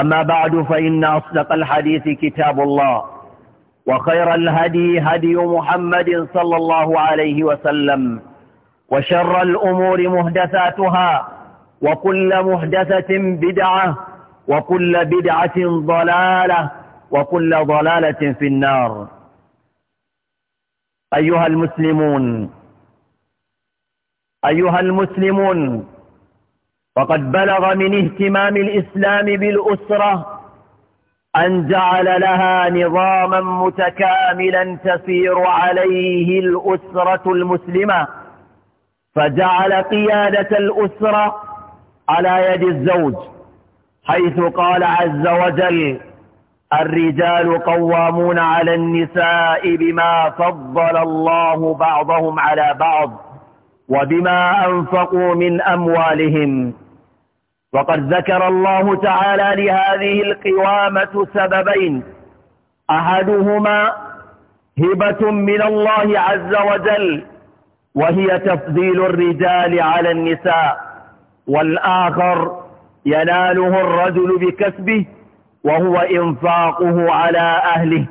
أما بعد فإن أصدق الحديث كتاب الله وخير الهدي هدي محمد صلى الله عليه وسلم وشر الأمور مهدثاتها وكل مهدثة بدعة وكل بدعة ضلالة وكل ضلالة في النار أيها المسلمون أيها المسلمون وقد بلغ من اهتمام الإسلام بالأسرة أن جعل لها نظاما متكاملا تسير عليه الأسرة المسلمة فجعل قيادة الأسرة على يد الزوج حيث قال عز وجل الرجال قوامون على النساء بما فضل الله بعضهم على بعض وبما أنفقوا من أموالهم وقد ذكر الله تعالى لهذه القوامة سببين أحدهما هبة من الله عز وجل وهي تفضيل الرجال على النساء والآخر يناله الرجل بكسبه وهو إنفاقه على أهله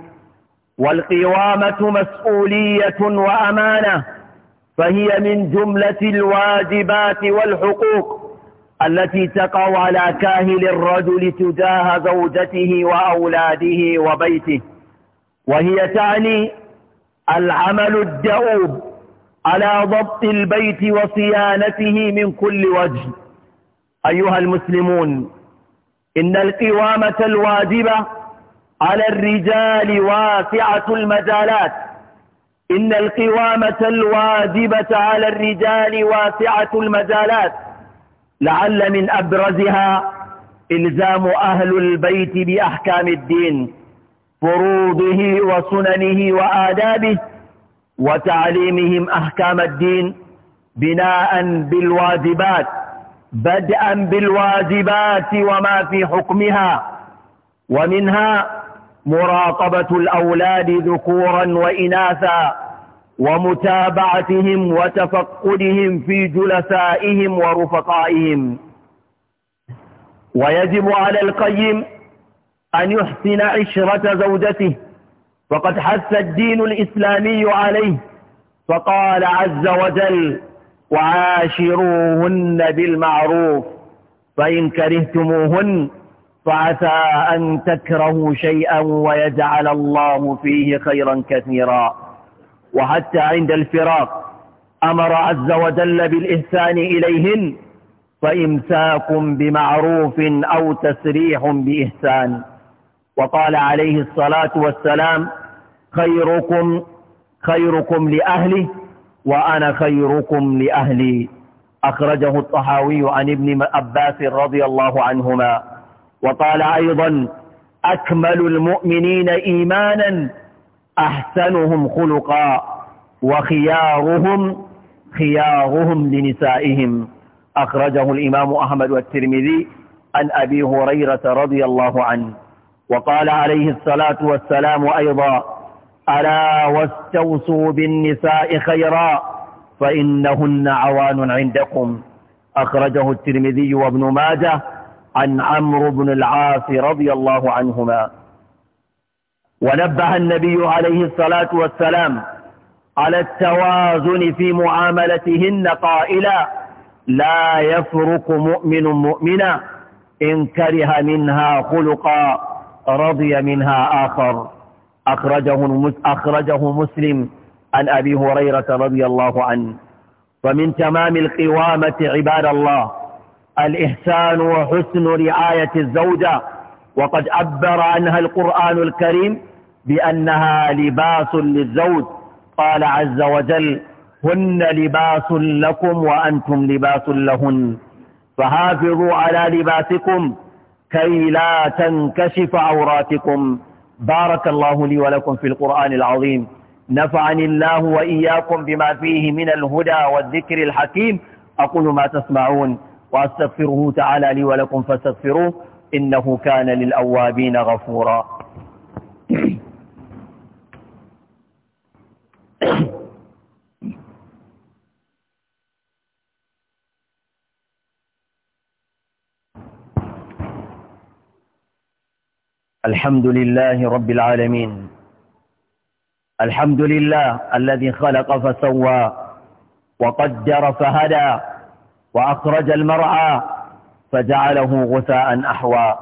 والقوامة مسؤولية وأمانة فهي من جملة الواجبات والحقوق التي تقع على كاهل الرجل تجاه زوجته وأولاده وبيته وهي تعني العمل الدؤوب على ضبط البيت وصيانته من كل وجه أيها المسلمون إن القوامة الواجبة على الرجال واسعة المجالات إن القوامة الواجبة على الرجال واسعة المجالات لعل من أبرزها إلزام أهل البيت بأحكام الدين فروضه وسننه وآدابه وتعليمهم أحكام الدين بناء بالواجبات بدءا بالواجبات وما في حكمها ومنها مراقبة الأولاد ذكورا وإناثا ومتابعتهم وتفقدهم في جلسائهم ورفقائهم ويجب على القيم أن يحسن عشرة زوجته فقد حث الدين الإسلامي عليه فقال عز وجل وعاشروهن بالمعروف فإن كرهتموهن فعسى أن تكرهوا شيئا ويجعل الله فيه خيرا كثيرا وحتى عند الفراق أمر عز وجل بالإحسان إليهن فإمساك بمعروف أو تسريح بإحسان وقال عليه الصلاة والسلام خيركم خيركم لأهله وأنا خيركم لأهلي أخرجه الطحاوي عن ابن عباس رضي الله عنهما وقال أيضا أكمل المؤمنين إيمانا أحسنهم خلقا وخيارهم خيارهم لنسائهم أخرجه الإمام أحمد والترمذي عن أبي هريرة رضي الله عنه وقال عليه الصلاة والسلام أيضا ألا واستوصوا بالنساء خيرا فإنهن عوان عندكم أخرجه الترمذي وابن ماجه عن عمرو بن العاص رضي الله عنهما ونبه النبي عليه الصلاة والسلام على التوازن في معاملتهن قائلا لا يفرق مؤمن مؤمنا إن كره منها خلقا رضي منها آخر أخرجه, أخرجه مسلم عن أبي هريرة رضي الله عنه ومن تمام القوامة عباد الله الإحسان وحسن رعاية الزوجة وقد عبر عنها القرآن الكريم بأنها لباس للزوج قال عز وجل هن لباس لكم وأنتم لباس لهن فحافظوا على لباسكم كي لا تنكشف عوراتكم بارك الله لي ولكم في القرآن العظيم نفعني الله وإياكم بما فيه من الهدى والذكر الحكيم أقول ما تسمعون وأستغفره تعالى لي ولكم فاستغفروه إنه كان للأوابين غفورا الحمد لله رب العالمين الحمد لله الذي خلق فسوى وقدر فهدى وأخرج المرعى فجعله غثاء أحوى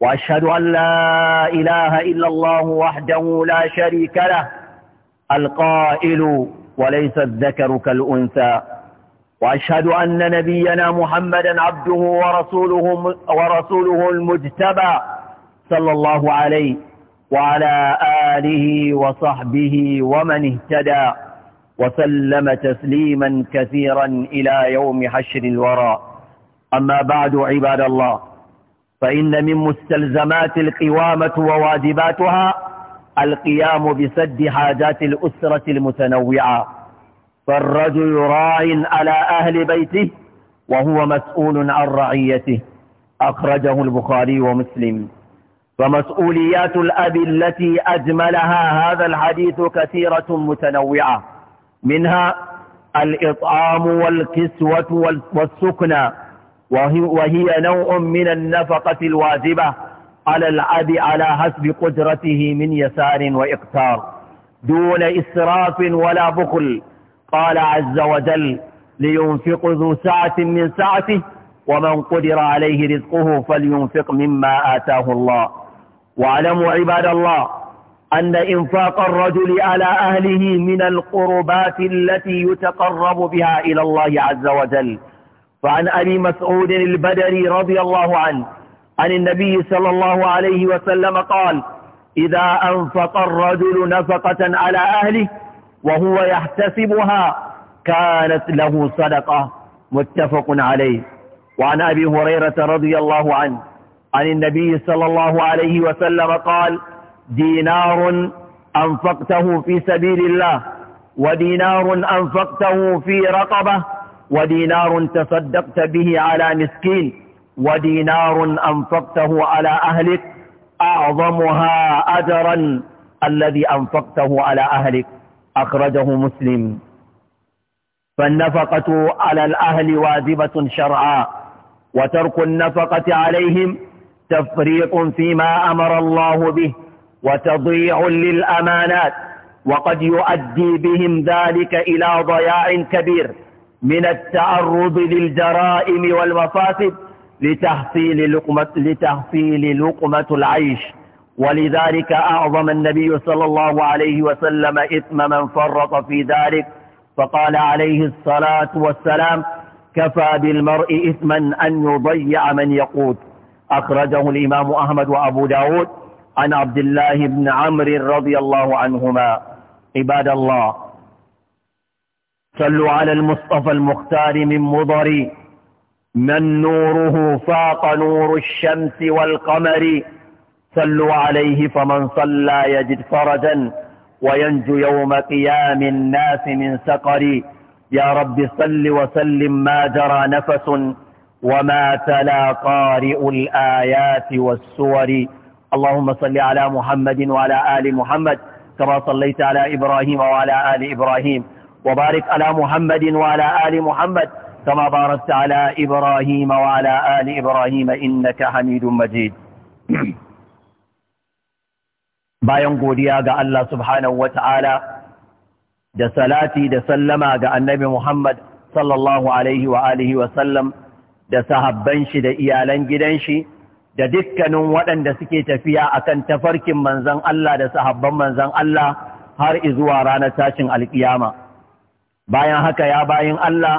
وأشهد أن لا إله إلا الله وحده لا شريك له القائل وليس الذكر كالأنثى وأشهد أن نبينا محمدا عبده ورسوله, ورسوله المجتبى صلى الله عليه وعلى آله وصحبه ومن اهتدى وسلم تسليما كثيرا إلى يوم حشر الورى أما بعد عباد الله فإن من مستلزمات القوامة وواجباتها القيام بسد حاجات الأسرة المتنوعة فالرجل راع على أهل بيته وهو مسؤول عن رعيته أخرجه البخاري ومسلم فمسؤوليات الأب التي أجملها هذا الحديث كثيرة متنوعة منها الإطعام والكسوة والسكنى وهي, وهي نوع من النفقة الواجبة على العبد على حسب قدرته من يسار وإقتار دون إسراف ولا بخل قال عز وجل لينفق ذو سعة من سعته ومن قدر عليه رزقه فلينفق مما آتاه الله واعلموا عباد الله أن إنفاق الرجل على أهله من القربات التي يتقرب بها إلى الله عز وجل فعن أبي مسعود البدري رضي الله عنه عن النبي صلى الله عليه وسلم قال إذا أنفق الرجل نفقة على أهله وهو يحتسبها كانت له صدقة متفق عليه وعن أبي هريرة رضي الله عنه عن النبي صلى الله عليه وسلم قال دينار أنفقته في سبيل الله ودينار أنفقته في رقبة ودينار تصدقت به على مسكين ودينار أنفقته على أهلك أعظمها أجرا الذي أنفقته على أهلك أخرجه مسلم فالنفقة على الأهل واجبة شرعا وترك النفقة عليهم تفريط فيما أمر الله به وتضيع للأمانات وقد يؤدي بهم ذلك إلى ضياع كبير من التعرض للجرائم والمفاسد لتحصيل لقمة, لتحصيل لقمة العيش ولذلك أعظم النبي صلى الله عليه وسلم إثم من فرط في ذلك فقال عليه الصلاة والسلام كفى بالمرء إثما أن يضيع من يقود أخرجه الإمام أحمد وأبو داود عن عبد الله بن عمرو رضي الله عنهما عباد الله صلوا على المصطفى المختار من مضر من نوره فاق نور الشمس والقمر صلوا عليه فمن صلى يجد فرجا وينجو يوم قيام الناس من سقر يا رب صل وسلم ما جرى نفس وما تلا قارئ الآيات والسور اللهم صل على محمد وعلى آل محمد كما صليت على إبراهيم وعلى آل إبراهيم وبارك على محمد وعلى آل محمد كما باركت على إبراهيم وعلى آل إبراهيم إنك حميد مجيد bayan godiya ga Allah subhanahu ta'ala da salati da sallama ga annabi Muhammad sallallahu alaihi wa alihi wa sallam da sahabban shi da iyalan gidan shi da dukkanin waɗanda suke tafiya akan tafarkin manzon Allah da sahabban manzon Allah har izuwa ranar tashin alkiyama bayan haka ya bayan Allah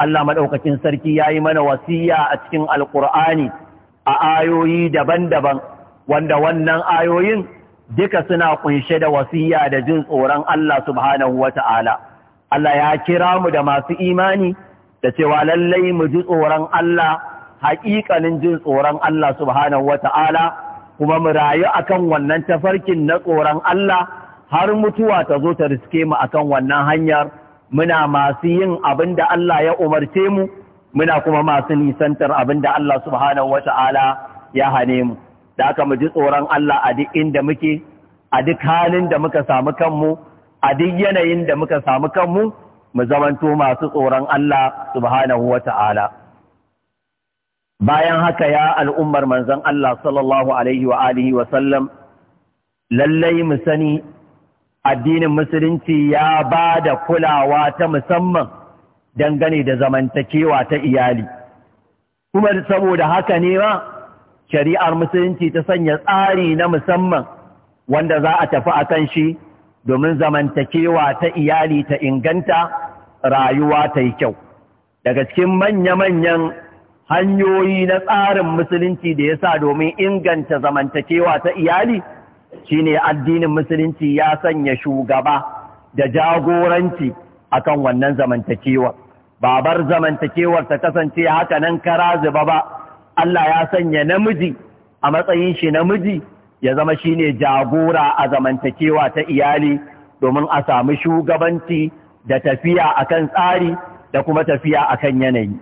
Allah maɗaukakin sarki ya yi mana wasiya a cikin Alƙur'ani a ayoyi daban-daban wanda wannan ayoyin duka suna kunshe da wasiya da jin tsoron Allah subhanahu wa ta'ala. Allah ya kira mu da masu imani da cewa lallai mu ji tsoron Allah haƙiƙanin jin tsoron Allah subhanahu wa ta'ala kuma mu rayu akan wannan tafarkin na tsoron Allah har mutuwa ta zo ta riske mu akan wannan hanyar muna masu yin abin da Allah ya umarce mu muna kuma masu nisantar abin da Allah subhanahu wa ta'ala ya hane mu da aka mu ji tsoron Allah a duk inda muke a duk halin da muka samu kanmu a duk yanayin da muka samu kanmu mu zamanto masu tsoron Allah subhanahu wa ta'ala. bayan haka ya al'ummar manzon Allah sallallahu alaihi wa alihi wa sallam lallai mu sani addinin musulunci ya ba da kulawa ta musamman dangane da zamantakewa ta iyali kuma saboda haka ne ma shari'ar musulunci ta sanya tsari na musamman wanda za a tafi a kan shi domin zamantakewa ta iyali ta inganta rayuwa ta yi kyau daga cikin manya-manyan hanyoyi na tsarin musulunci da ya sa domin inganta zamantakewa ta iyali Shi ne addinin musulunci ya sanya shugaba da jagoranci akan wannan zamantakewa Babar zamantakewar ta kasance haka nan kara zuba ba Allah ya sanya namiji a matsayin shi namiji ya zama shi ne jagora a zamantakewa ta iyali domin a sami shugabanci da tafiya akan tsari da kuma tafiya akan yanayi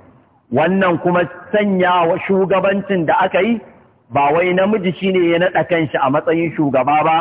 wannan kuma sanya shugabancin da aka yi ba wai namiji shine ya naɗa kanshi a matsayin shugaba ba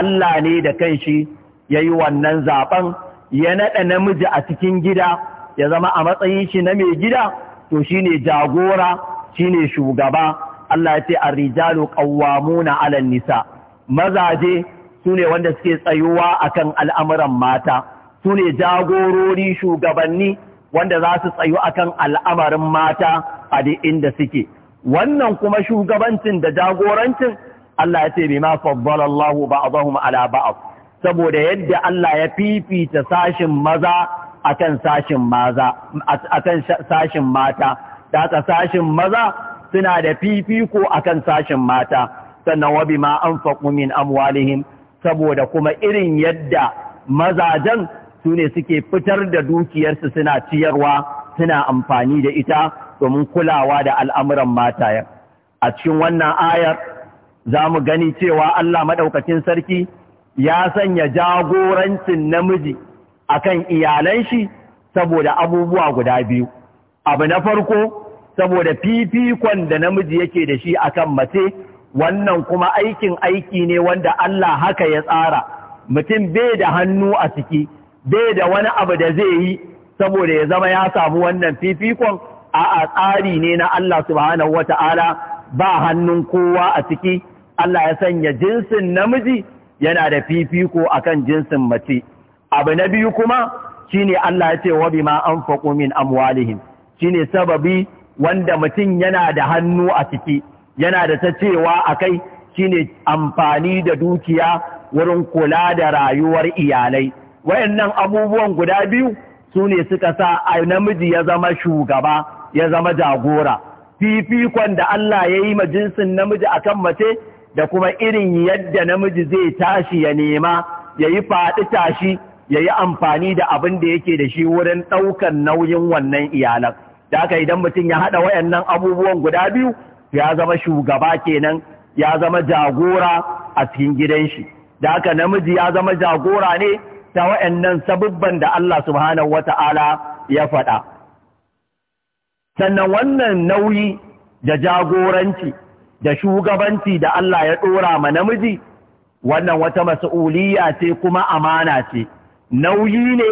Allah ne da kanshi ya yi wannan zaɓen ya naɗa namiji a cikin gida ya zama a matsayin shi na mai gida to shine jagora shine shugaba Allah ya ce a rijalu ƙawwamuna alal nisa mazaje su ne wanda suke tsayuwa akan al'amuran mata su ne jagorori shugabanni wanda za su tsayu akan al'amarin mata a inda suke wannan kuma shugabancin da jagorancin Allah ya ce bi ma faddala Allah ba'dahum ala ba'd saboda yadda Allah ya fifita sashin maza akan sashin maza akan sashin mata da ka sashin maza suna da fifiko akan sashin mata sannan wa bima anfaqu min amwalihim saboda kuma irin yadda mazajen su ne suke fitar da dukiyarsu suna ciyarwa suna amfani da ita domin kulawa da al'amuran matayen. A cikin wannan ayar za mu gani cewa Allah maɗaukacin sarki ya sanya jagorancin namiji a kan iyalan shi saboda abubuwa guda biyu. Abu na farko, saboda fifikon da namiji yake da shi akan mace, wannan kuma aikin aiki ne wanda Allah haka ya tsara, mutum bai da hannu a ciki, bai da wani abu da zai yi saboda ya zama ya samu wannan fifikon a'a tsari ne na Allah subhanahu wa Ta'ala. ba hannun kowa a ciki Allah ya sanya jinsin namiji yana da fifiko akan jinsin mace abu na biyu kuma shine Allah ya ce wa bima anfaqu min amwalihim shine sababi wanda mutum yana da hannu a ciki yana da ta cewa akai shine amfani da dukiya wurin kula da rayuwar iyalai wayannan abubuwan guda biyu su ne suka sa namiji ya zama shugaba ya zama jagora fifikon da Allah ya yi ma jinsin namiji kan mace da kuma irin yadda namiji zai tashi ya nema ya yi faɗi tashi ya yi amfani da abin da yake da shi wurin ɗaukan nauyin wannan iyalan da haka idan mutum ya haɗa wayannan abubuwan guda biyu ya zama shugaba kenan ya zama jagora a cikin gidan shi da haka namiji ya zama jagora ne ta wayannan sabubban da Allah subhanahu wata'ala ya faɗa sannan wannan nauyi da jagoranci da shugabanci da Allah ya ɗora ma namiji wannan wata mas'uliyya ce kuma amana ce nauyi ne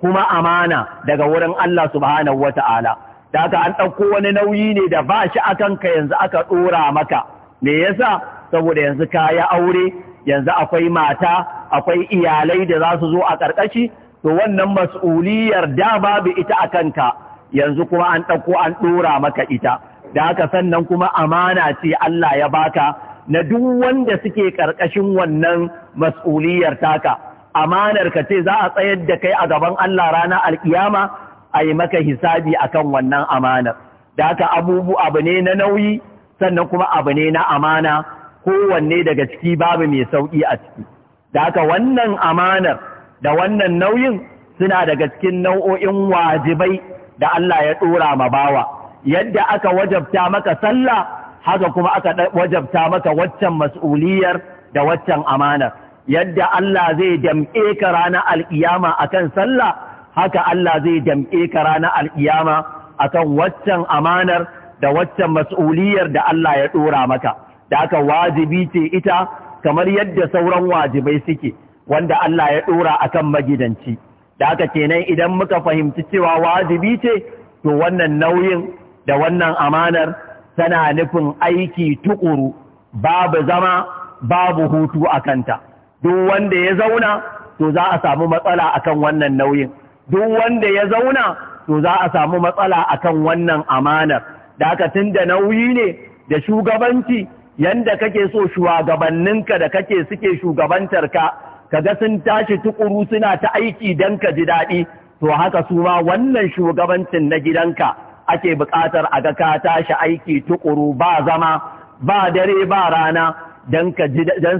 kuma amana daga wurin Allah subhanahu wata'ala da aka an ɗauko wani nauyi ne da ba shi a kanka yanzu aka ɗora maka me yasa saboda yanzu kaya aure yanzu akwai mata akwai iyalai da za su zo a ƙarƙashi to wannan mas'uliyar da babu ita a kanka yanzu kuma an ɗauko an ɗora maka ita da haka sannan kuma amana ce Allah ya baka na duk wanda suke ƙarƙashin wannan mas'uliyar taka amanar ka ce za a tsayar da kai a gaban Allah rana alkiyama a yi maka hisabi akan wannan amanar da haka abubu abu ne na nauyi sannan kuma abu ne na amana kowanne daga ciki babu mai sauƙi a ciki da haka wannan amanar da wannan nauyin suna daga cikin nau'o'in wajibai da Allah ya ɗora ma bawa yadda aka wajabta maka sallah haka kuma aka wajabta maka waccan mas'uliyar da waccan amanar yadda Allah zai damƙe ka ranar al'iyama akan sallah haka Allah zai damƙe ka ranar al'iyama akan waccan amanar da waccan mas'uliyar da Allah ya ɗora maka da aka wajibi ce ita kamar yadda sauran wajibai suke wanda Allah ya ɗora akan magidanci da aka kenan idan muka fahimci cewa wajibi ce to wannan nauyin da wannan amanar tana nufin aiki tukuru babu zama babu hutu a kanta duk wanda ya zauna to za a samu matsala akan wannan nauyin duk wanda ya zauna to za a samu matsala akan wannan amanar da aka tunda nauyi ne da shugabanci yanda kake so shugabanninka da kake suke shugabantar ka kaga sun tashi tukuru suna ta aiki don ka ji daɗi to haka su ma wannan shugabancin na gidanka ake buƙatar a ga ka tashi aiki tukuru ba zama ba dare ba rana don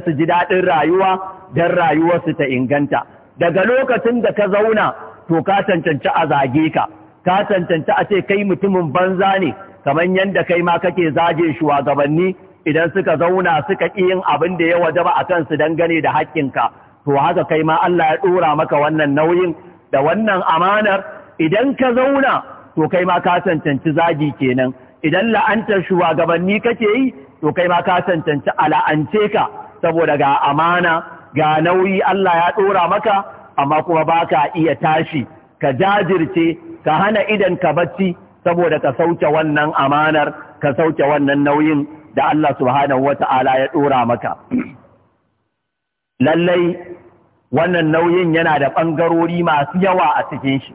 su ji daɗin rayuwa don rayuwarsu ta inganta daga lokacin da ka zauna to ka cancanci a zage ka ka cancanci a ce kai mutumin banza ne kamar yadda kai ma kake zage shugabanni idan suka zauna suka ƙi yin abin da ya wajaba a kansu dangane da haƙƙinka to haka kai ma Allah ya ɗora maka wannan nauyin da wannan amanar idan ka zauna to kai ma ka cancanci zagi kenan idan la'antar shugabanni kake yi to kai ma ka cancanci ala'ance ka saboda ga amana ga nauyi Allah ya ɗora maka amma kuma ba ka iya tashi ka jajirce ka hana idan ka bacci saboda ka sauke wannan amanar ka sauke wannan nauyin da Allah subhanahu wata'ala ya ɗora maka lallai wannan nauyin yana da ɓangarori masu yawa a cikin shi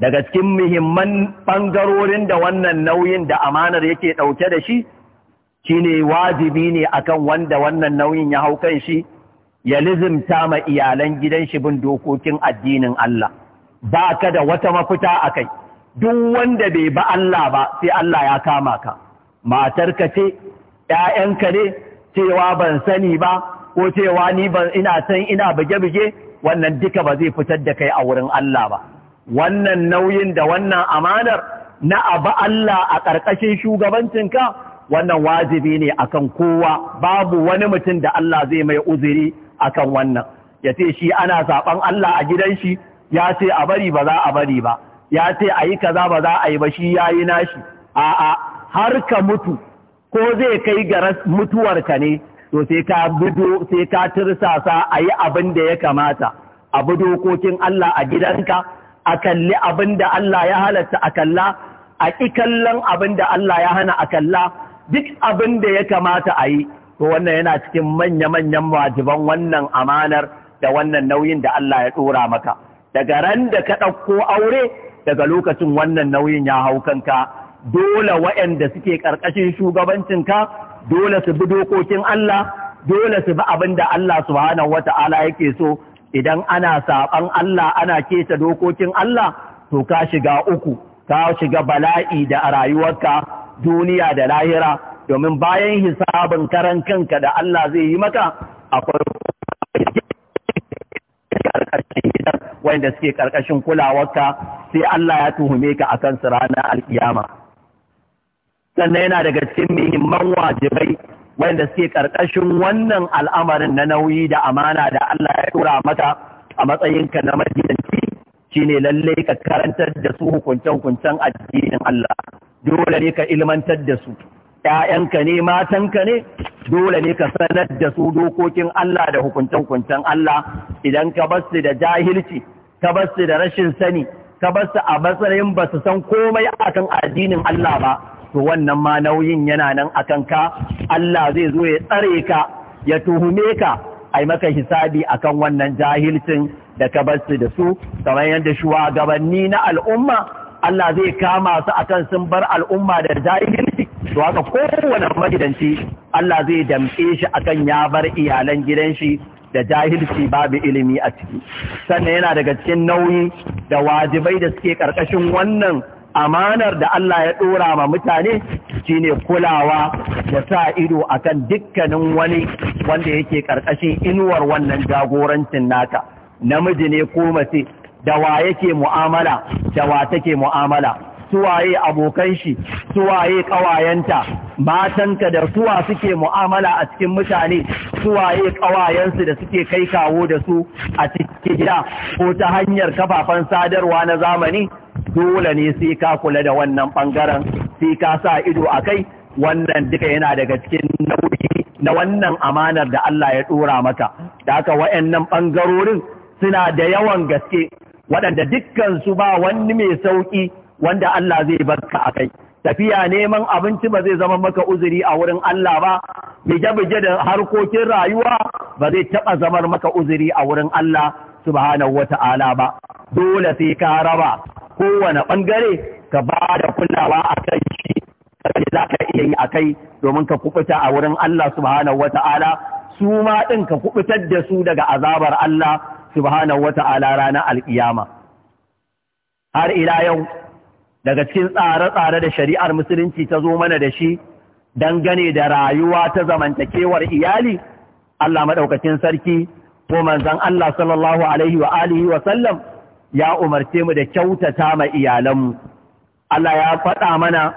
daga cikin muhimman ɓangarorin da wannan nauyin da amanar yake ɗauke da shi shine wajibi ne akan wanda wannan nauyin ya hau kan shi ya lizimta ma iyalan gidan shi bin dokokin addinin Allah ba ka da wata mafita a kai duk wanda bai ba Allah ba sai Allah ya kama ka matarka ce ‘ya'yanka ne cewa ban sani ba ko cewa ni ban ina san ina buge-buge wannan duka ba zai fitar da kai a wurin Allah ba wannan nauyin da wannan amanar na abu Allah a ƙarƙashin shugabancinka wannan wajibi ne akan kowa babu wani mutum da Allah zai mai uzuri akan wannan ya ce shi ana saɓan Allah a gidan shi ya ce a bari ba za a bari ba ya ce a yi kaza ba za a yi ba shi ya yi nashi a'a har ka mutu ko zai kai ga mutuwarka ne to sai ka bido sai ka tirsasa a yi abin da ya kamata a bi dokokin Allah a gidanka a kalli abin da Allah ya halatta a kalla a ƙi kallon abin da Allah ya hana a kalla duk abin da ya kamata a yi to wannan yana cikin manya-manyan wajiban wannan amanar da wannan nauyin da Allah ya ɗora maka daga ran da ka ɗauko aure daga lokacin wannan nauyin ya hau kanka dole waɗanda suke ƙarƙashin shugabancinka dole su bi dokokin Allah dole su bi abin da Allah subhanahu ta'ala yake so idan ana saɓan Allah ana keta dokokin Allah to ka shiga uku ka shiga bala'i da a rayuwarka duniya da lahira domin bayan hisabin karan kanka da Allah zai yi maka akwai wanda suke karkashin kulawarka sai Allah ya tuhume ka akan su ranar alkiyama sannan yana daga cikin muhimman wajibai wanda suke karkashin wannan al'amarin na nauyi da amana da Allah ya tura mata a matsayinka na majiyanci shine lalle ka karantar da su hukuncen-hukuncen addinin Allah dole ne ka ilmantar da su ‘ya'yanka ne matanka ne dole ne ka sanar da su dokokin Allah da hukuncen-hukuncen Allah idan ka basu da jahilci ka basu da rashin sani ka basu a matsayin ba su san komai akan addinin Allah ba to wannan ma nauyin yana nan a kanka Allah zai zo ya tsare ka ya tuhume ka ai maka hisabi akan wannan jahilcin da ka bar su da su kamar yadda shugabanni na al'umma Allah zai kama su akan sun bar al'umma da jahilci to haka kowane magidanci Allah zai damƙe shi akan ya bar iyalan gidan shi da jahilci babu ilimi a ciki sannan yana daga cikin nauyi da wajibai da suke ƙarƙashin wannan amanar da Allah ya ɗora ma mutane shine kulawa da sa ido akan dukkanin wani wanda yake ƙarƙashin inuwar wannan jagorancin naka namiji ne ko mace da wa yake mu'amala da wa take mu'amala suwaye abokan shi suwaye ƙawayenta matanka da suwa suke mu'amala a cikin mutane suwaye ƙawayensu da suke kai kawo da su a cikin gida ko ta hanyar kafafen sadarwa na zamani dole ne sai ka kula da wannan ɓangaren sai ka sa ido a kai wannan duka yana daga cikin nauyi na wannan amanar da Allah ya ɗora maka da haka wa'annan ɓangarorin suna da yawan gaske waɗanda dukkan su ba wani mai sauƙi wanda Allah zai barka a kai tafiya neman abinci ba zai zama maka uzuri a wurin Allah ba bije-bije da harkokin rayuwa ba zai taɓa zamar maka uzuri a wurin Allah subhanahu wata'ala ba dole sai ka raba kowane ɓangare ka ba da kulawa a kan shi kaɗai za ka iya yi a kai domin ka kubuta a wurin Allah subhanahu wa ta'ala su ma ɗin ka kuɓutar da su daga azabar Allah subhanahu wa ta'ala ranar alƙiyama. Har ila yau daga cikin tsare-tsare da shari'ar musulunci ta zo mana da shi dangane da rayuwa ta zamantakewar iyali Allah maɗaukacin sarki ko manzon Allah sallallahu alaihi wa alihi wa sallam ya umarce mu da kyautata ma iyalanmu. Allah ya faɗa mana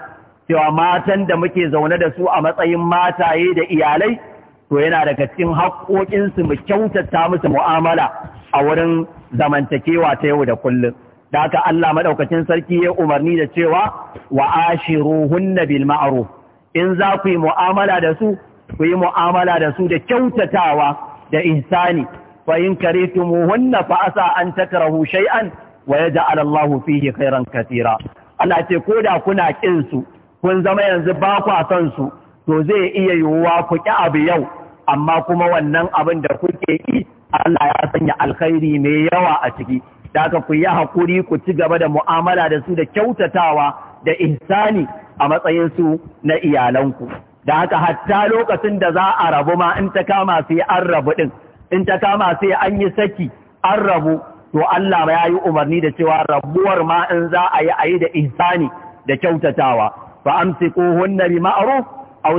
cewa matan da muke zaune da su a matsayin mataye da iyalai, to yana daga cikin haƙoƙinsu mu kyautata musu mu'amala a wurin zamantakewa ta yau da kullum. Da haka Allah maɗaukacin sarki ya umarni da cewa wa ashiruhunna bil ma'ruf in za ku yi mu'amala da su ku yi mu'amala da su da kyautatawa da ihsani fa in tumu fa asa an takrahu shay'an wa yaj'al Allahu fihi khairan katira Ana ce ko da kuna kin su kun zama yanzu ba kwa son su to zai iya yiwuwa ku ki abu yau amma kuma wannan abin da kuke yi, Allah ya sanya alkhairi mai yawa a ciki da aka ku yi hakuri ku ci gaba da mu'amala da su da kyautatawa da ihsani a matsayin su na iyalanku da haka hatta lokacin da za a rabu ma in ta kama su yi an rabu din in ta kama sai an yi saki an rabu to Allah ya yi umarni da cewa rabuwar ma in za a yi a yi da ihsani da kyautatawa fa hunna bi ma'ruf aw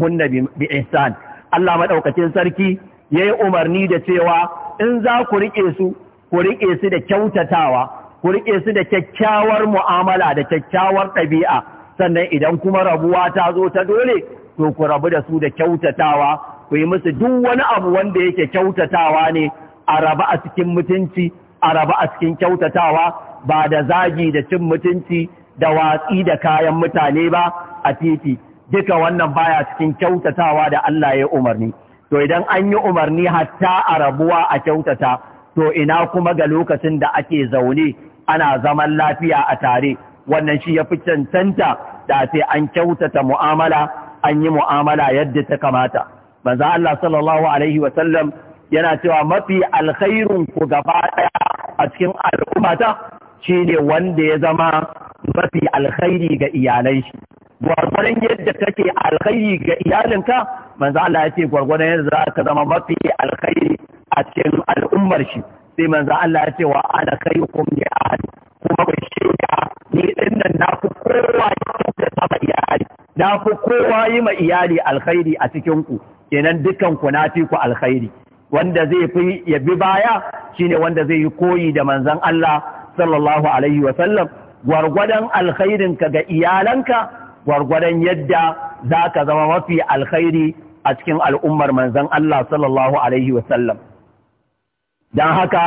hunna bi ihsan Allah madaukakin sarki yayi umarni da cewa in za ku rike su ku rike su da kyautatawa ku rike su da kyakkyawar mu'amala da kyakkyawar ɗabi'a sannan idan kuma rabuwa ta zo ta dole to ku rabu da su da kyautatawa ku yi musu duk wani abu wanda yake kyautatawa ne a raba a cikin mutunci a raba a cikin kyautatawa ba da zagi da cin mutunci da watsi da kayan mutane ba a titi duka wannan baya cikin kyautatawa da Allah ya umarni to idan an yi umarni hatta a rabuwa a kyautata to ina kuma ga lokacin da ake zaune ana zaman lafiya a tare wannan shi ya fi cancanta da sai an kyautata mu'amala an yi mu'amala yadda ta kamata manzo Allah sallallahu alaihi wa sallam yana cewa mafi alkhairun ku gaba daya a cikin al'ummata shine wanda ya zama mafi alkhairi ga iyalai shi gwargwadon yadda kake alkhairi ga iyalinka manzo Allah ya ce gwargwadon yadda za ka zama mafi alkhairi a cikin al'ummar shi sai manzo Allah ya ce wa ana khairukum li ahli kuma ku shaida ni din nan na fi kowa yi ma iyali na fi kowa yi ma iyali alkhairi a cikin ku kenan dukan ku na fi ku alkhairi wanda zai fi ya bi baya shine wanda zai yi koyi da manzon Allah sallallahu alaihi wa sallam gwargwadon alkhairin ka ga iyalanka gwargwadon yadda zaka zama mafi alkhairi a cikin al'ummar manzon Allah sallallahu alaihi wa sallam dan haka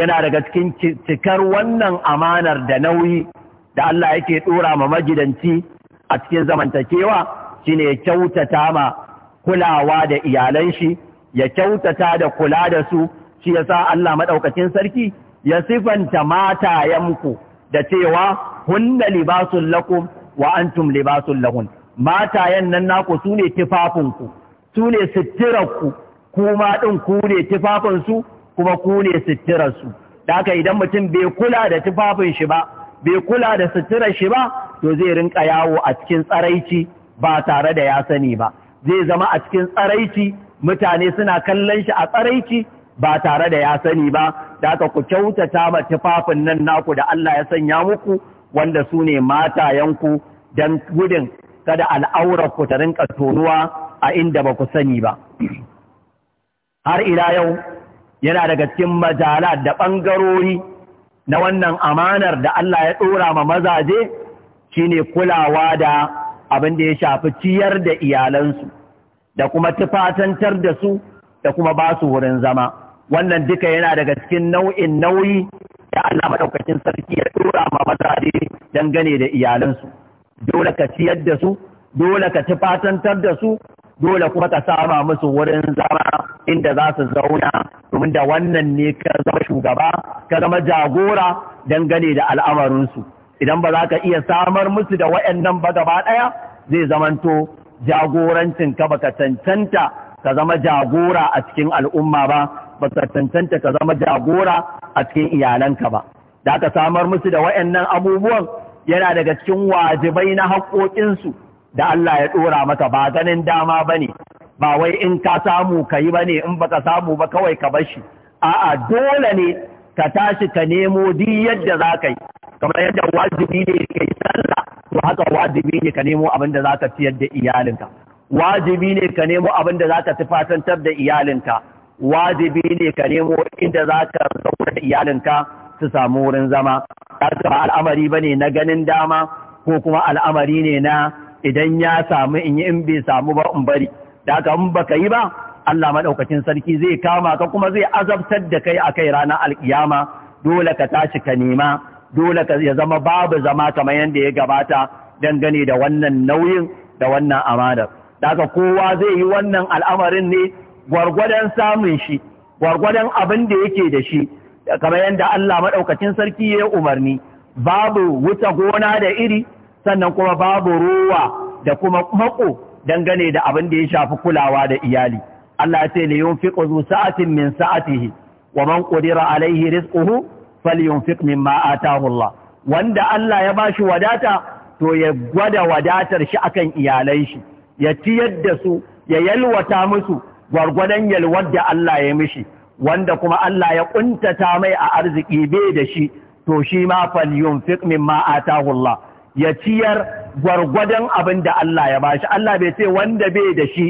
yana daga cikin cikar wannan amanar da nauyi da Allah yake dora ma majidanci a cikin zamantakewa shine kyautata ma kulawa da iyalan shi ya kyautata da kula da su shi yasa Allah madaukakin sarki ya sifanta matayenku da cewa hunna libasul lakum wa antum libasul lahun matayen nan naku sune ne tufafinku su ne ku, kuma ɗin ku ne su, kuma ku ne su. da haka idan mutum bai kula da tufafin shi ba bai kula da suturar shi ba to zai rinka yawo a cikin tsaraici ba tare da ya sani ba zai zama a cikin tsaraici mutane suna kallon shi a tsaraici ba tare da ya sani ba da aka ku kyautata ma tufafin nan naku da Allah ya sanya muku wanda su ne matayenku don gudun kada al'aurar ku ta rinka tonuwa a inda ba ku sani ba har ila yau yana daga cikin majala da ɓangarori na wannan amanar da Allah ya ɗora ma mazaje shine kulawa da abin da ya shafi ciyar da iyalansu da kuma tufatantar da su da kuma ba su wurin zama wannan duka yana daga cikin nau'in nauyi da Allah madaukakin sarki ya dora ma mazaje dangane da iyalansu dole ka ciyar da su dole ka tufatantar da su dole kuma ka sama musu wurin zama inda za su zauna domin da wannan ne ka zama shugaba ka zama jagora dangane da al'amarinsu idan ba za ka iya samar musu da waɗannan ba gaba ɗaya zai zamanto jagorancin ka baka cancanta ka zama jagora a cikin al'umma ba ka cancanta ka zama jagora a cikin iyalanka ba da ka samar musu da waɗannan abubuwan yana daga cikin wajibai na haƙoƙinsu da Allah ya ɗora maka ba ganin dama ba ne ba wai in ka samu ka yi ba ne in baka samu ba kawai ka bashi a'a dole ne ka tashi ka nemo duk yadda za ka yi kamar yadda wajibi ne ka yi sallah to haka wajibi ne ka nemo abin da zaka ciyar da iyalinka wajibi ne ka nemo abin da zaka tufatantar da iyalinka wajibi ne ka nemo inda zaka zauna da iyalinka su samu wurin zama ba al'amari bane na ganin dama ko kuma al'amari ne na idan ya samu in yi in bai samu ba in bari da haka in baka yi ba Allah madaukakin sarki zai kama ka kuma zai azabtar da kai akai ranar alkiyama dole ka tashi ka nema dole ka ya zama babu zama kamar yadda ya gabata dangane da wannan nauyin da wannan amanar daga kowa zai yi wannan al'amarin ne gwargwadon samun shi gwargwadon abin da yake da shi kamar yadda Allah maɗaukacin sarki ya yi umarni babu wuta gona da iri sannan kuma babu ruwa da kuma mako dangane da abin da ya shafi kulawa da iyali Allah ya ce yi yunfiqu zu sa'atin min sa'atihi wa man ƙudira alaihi rizquhu falyunfiq mimma atahu Allah wanda Allah ya bashi wadata to ya gwada wadatar shi akan iyalai shi ya ciyar da su ya yalwata musu gwargwadon yalwar da Allah ya mishi wanda kuma Allah ya kuntata mai a arziki bai da shi to shi ma falyunfiq mimma atahu Allah ya ciyar gwargwadon abin da Allah ya bashi Allah bai ce wanda bai da shi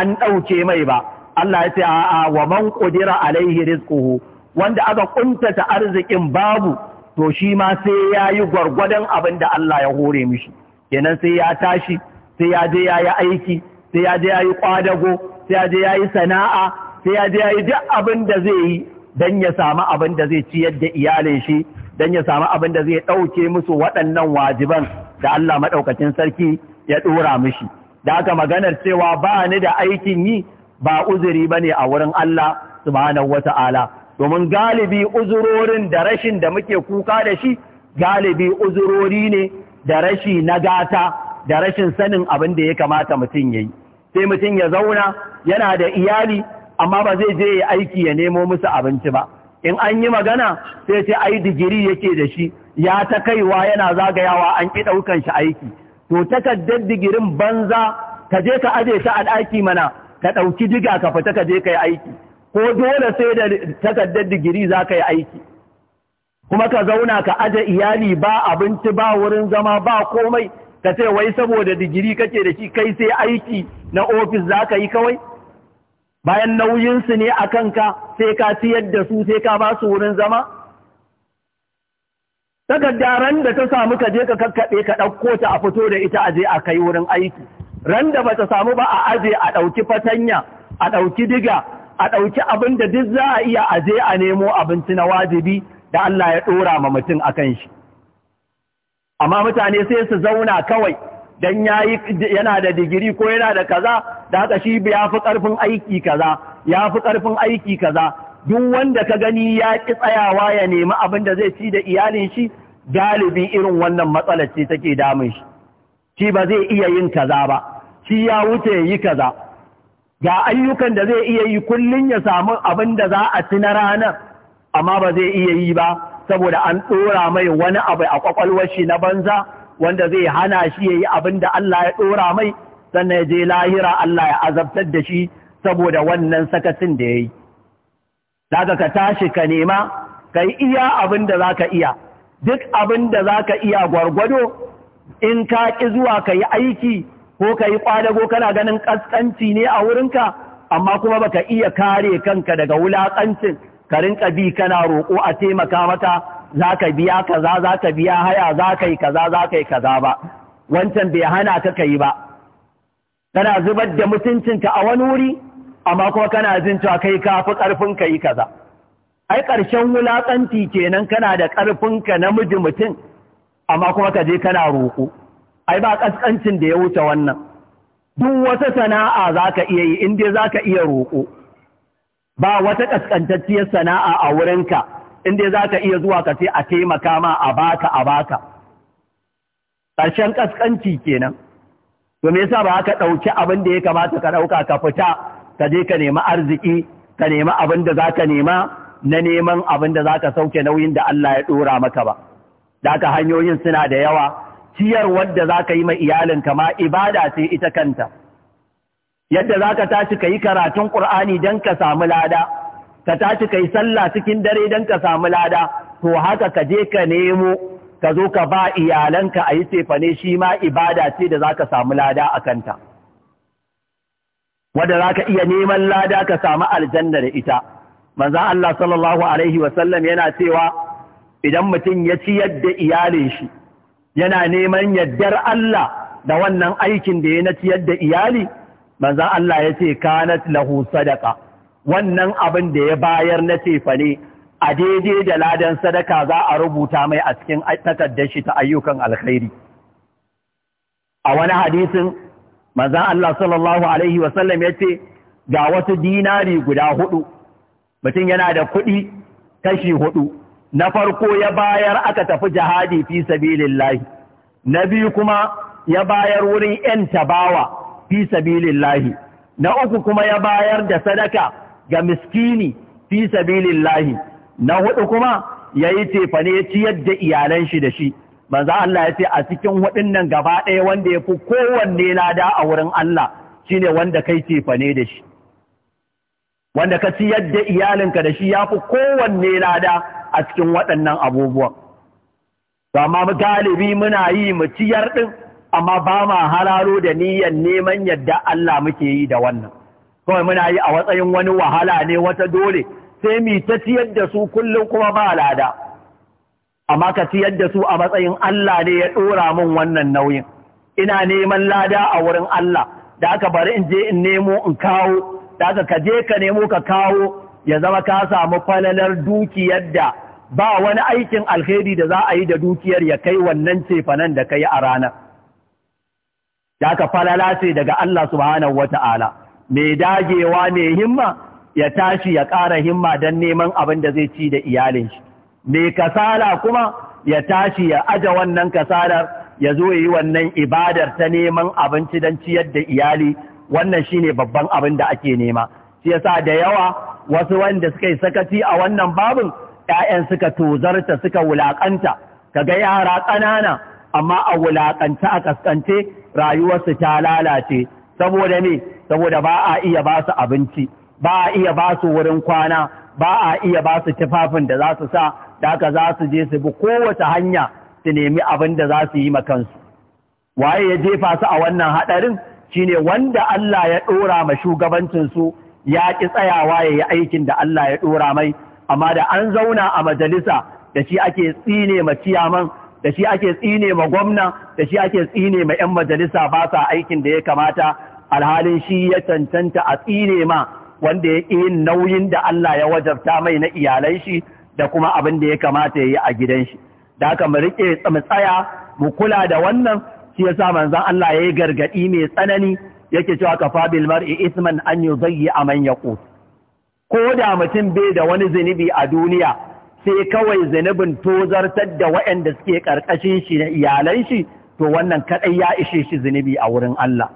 an ɗauke mai ba Allah ya ce a'a wa man qudira alaihi rizquhu wanda aka kuntata arzikin babu to shi ma sai ya yi gwargwadon abin da Allah ya hore mishi kenan sai ya tashi sai ya je ya yi aiki sai ya je ya yi kwadago sai ya je ya yi sana'a sai ya je ya yi duk abin da zai yi don ya samu abin da zai ciyar da iyalin shi don ya sami abin da zai ɗauke musu waɗannan wajiban da Allah maɗaukacin sarki ya ɗora mishi da aka maganar cewa ba ni da aikin yi ba uzuri ba ne a wurin Allah subhanahu ta'ala domin galibi uzurorin da rashin da muke kuka da shi galibi uzurori ne da rashi na gata da rashin sanin abin da ya kamata mutum ya yi sai mutum ya zauna yana da iyali amma ba zai je ya aiki ya nemo musu abinci ba in an yi magana sai ce ai digiri yake da shi ya ta kaiwa yana zagayawa an ƙi ɗaukan shi aiki to takardar digirin banza ka je ka aje ta a daki mana ka ɗauki diga ka fita ka je ka yi aiki ko dole sai da takardar digiri za ka yi aiki kuma ka zauna ka aje iyali ba abinci ba wurin zama ba komai ka ce wai saboda digiri kake da shi kai sai aiki na ofis za ka yi kawai bayan nauyinsu ne a kanka sai ka siyar da su sai ka ba su wurin zama takarda ran da ta samu ka je ka kakkaɓe ka ɗauko ta a fito da ita a je a kai wurin aiki ran da ba ta samu ba a aje a ɗauki fatanya a ɗauki diga a ɗauki abin da duk za a iya aje a nemo abinci na wajibi da Allah ya ɗora ma mutum a kan shi. Amma mutane sai su zauna kawai don yana da digiri ko yana da kaza, da haka shi ya fi ƙarfin aiki kaza, ya fi ƙarfin aiki kaza. Duk wanda ka gani ya ƙi tsayawa ya nemi abin da zai ci da iyalin shi, galibi irin wannan matsalar ce take damun shi. Shi ba zai iya yin kaza ba, shi ya wuce yi kaza, ga ayyukan da zai iya yi kullum ya samu abin da za a ci na ranar amma ba zai iya yi ba saboda an ɗora mai wani abu a kwakwalwar shi na banza wanda zai hana shi ya yi abin da Allah ya ɗora mai sannan ya je lahira Allah ya azabtar da shi saboda wannan sakacin da ya yi. Daga ka tashi ka nema, ka yi iya abin da za ka iya, duk abin da za ka iya gwargwado in ka ƙi zuwa ka yi aiki ko ka yi ƙwadago kana ganin ƙasƙanci ne a wurinka amma kuma baka iya kare kanka daga wulaƙancin ka rinka bi kana roƙo a taimaka mata za ka biya kaza za ka biya haya za ka yi kaza za ka yi kaza ba wancan bai hana ka ka yi ba kana zubar da mutuncinka a wani wuri amma kuma kana jin cewa kai ka fi ƙarfin ka yi kaza ai ƙarshen wulaƙanci kenan kana da ƙarfin ka namiji mutum amma kuma ka je kana roƙo ai ba ƙasƙancin da ya wuce wannan duk wata sana'a za ka iya yi inda za ka iya roƙo ba wata ƙasƙantacciyar sana'a a wurinka inda za ka iya zuwa ka ce a taimaka ma a baka a baka ƙarshen ƙasƙanci kenan to me yasa ba ka ɗauki abin da ya kamata ka ɗauka ka fita ka je ka nemi arziki ka nemi abin da za ka nema na neman abin da za ka sauke nauyin da Allah ya ɗora maka ba da hanyoyin suna da yawa ciyar wadda za ka yi mai iyalinka ma ibada ce ita kanta yadda za ka tashi ka yi karatun ƙur'ani don ka samu lada ka tashi ka yi sallah cikin dare don ka samu lada to haka ka je ka nemo ka zo ka ba iyalanka a yi cefane shi ma ibada ce da za ka samu lada a kanta wadda za ka iya neman lada ka samu aljanna da ita manzan Allah sallallahu alaihi wasallam yana cewa idan mutum ya ciyar da iyalin shi yana neman yaddar Allah da wannan aikin da ya na ciyar da iyali manzan Allah ya ce kanat lahu sadaka wannan abin da ya bayar na tefa ne a daidai da ladan sadaka za a rubuta mai a cikin takardar shi ta ayyukan alkhairi a wani hadisin manzan Allah sallallahu alaihi wasallam ya ce ga wasu dinari guda hudu mutum yana da kuɗi kashi hudu na farko ya bayar aka tafi jihadi fi sabilillahi na biyu kuma ya bayar wurin ‘yan tabawa fi sabilillahi na uku kuma ya bayar da sadaka ga miskini fi sabilillahi na hudu kuma ya yi tefane ciyar da iyalan shi da shi manza Allah ya ce a cikin hudun nan gaba ɗaya wanda ya fi kowanne lada a wurin Allah shi ne wanda kai tefane da shi wanda ka ciyar da iyalinka da shi ya fi kowanne lada a cikin waɗannan abubuwan mu galibi muna yi mu ciyar ɗin amma ba ma hararo da niyan neman yadda Allah muke yi da wannan kawai muna yi a matsayin wani wahala ne wata dole sai mu ta ciyar da su kullum kuma ba lada amma ka ciyar da su a matsayin Allah ne ya ɗora min wannan nauyin ina neman lada a wurin Allah da aka bari in je in nemo in kawo da aka ka je ka nemo ka kawo ya zama ka samu falalar dukiyar da ba wani aikin alheri da za a yi da dukiyar ya kai wannan cefanen da ka yi a ranar. Da ka falala ce daga Allah subhanahu wa ta'ala, mai dagewa mai himma ya tashi ya ƙara himma don neman abin da zai ci da iyalin shi. Mai kasala kuma ya tashi ya aja wannan kasalar ya zo yi wannan ibadar ta neman abinci don ciyar da iyali wannan shi ne babban abin da ake nema. Shi yasa da yawa wasu wanda suka yi sakaci a wannan babin ‘ya'yan suka tozarta suka wulaƙanta, ka ga yara ƙanana, amma a wulaƙanta a ƙasƙance rayuwarsu ta lalace, saboda ne, saboda ba a iya ba su abinci, ba a iya ba su wurin kwana, ba a iya ba su tufafin da za su sa, da haka za su je su bi kowace hanya su nemi abin da za su yi makansu. Waye ya jefa su a wannan haɗarin shine wanda Allah ya ɗora ma shugabancinsu ya ƙi tsayawa ya yi aikin da Allah ya ɗora mai amma da an zauna a majalisa da shi ake tsine ma ciyaman da shi ake tsine ma gwamna da shi ake tsine ma 'yan majalisa ba sa aikin da ya kamata alhalin shi ya cancanta a tsine ma wanda ya ƙi nauyin da Allah ya wajabta mai na iyalai shi da kuma abin da ya kamata ya yi a gidan shi da haka mu riƙe mu tsaya mu kula da wannan shi yasa manzon Allah ya yi gargadi mai tsanani yake cewa kafabil mar'i isman an yuzayyi aman yaqut ko da mutum bai da wani zunubi a duniya sai kawai zunubin tozartar da waɗanda suke ƙarƙashin shi na iyalan shi to wannan kaɗai ya ishe shi zunubi a wurin Allah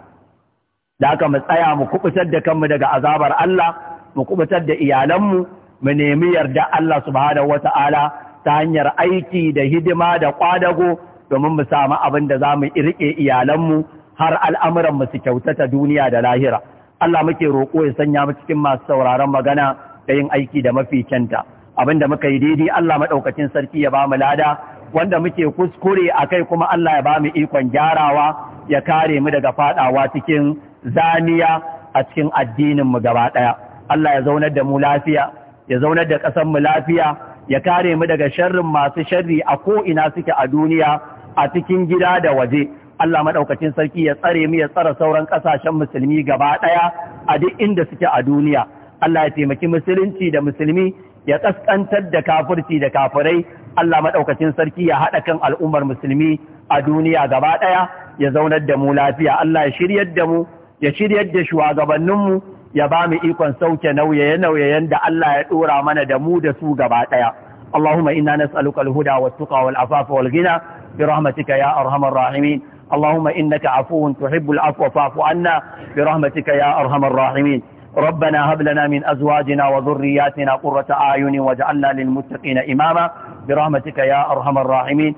da aka mu tsaya mu kubutar da kanmu daga azabar Allah mu kubutar da iyalanmu mu nemi yarda Allah subhanahu wata'ala ta hanyar aiki da hidima da kwadago domin mu samu abin da za mu irke iyalanmu har al'amuranmu su kyautata duniya da lahira. Allah muke roƙo ya sanya mu cikin masu sauraron magana da yin aiki da mafi canta da muka yi daidai Allah maɗaukacin sarki ya ba mu lada wanda muke kuskure a kai kuma Allah ya ba mu ikon gyarawa ya kare mu daga faɗawa cikin zaniya a cikin addinin mu gaba ɗaya Allah ya zaunar da mu lafiya ya zaunar da ƙasar mu lafiya ya kare mu daga sharrin masu sharri a ko ina suke a duniya a cikin gida da waje Allah maɗaukacin sarki ya tsare mu ya tsara sauran ƙasashen musulmi gaba ɗaya a duk inda suke a duniya Allah ya taimaki musulunci da musulmi ya ƙasƙantar da kafurci da kafirai Allah maɗaukacin sarki ya haɗa kan al'ummar musulmi a duniya gaba ɗaya ya zaunar da mu lafiya Allah ya shiryar da mu ya shiryar da shugabanninmu ya ba mu ikon sauke nauye-nauyen da Allah ya ɗora mana da mu da su gaba ɗaya. اللهم إنا نسألك الهدى والتقى والعفاف والغنى برحمتك يا أرحم الراحمين اللهم إنك عفو تحب العفو فاعف عنا برحمتك يا أرحم الراحمين ربنا هب لنا من أزواجنا وذرياتنا قرة أعين واجعلنا للمتقين إماما برحمتك يا أرحم الراحمين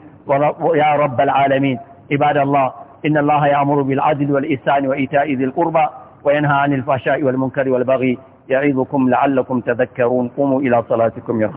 ويا رب العالمين عباد الله إن الله يأمر بالعدل والإحسان وإيتاء ذي القربى وينهى عن الفحشاء والمنكر والبغي يعظكم لعلكم تذكرون قوموا إلى صلاتكم يا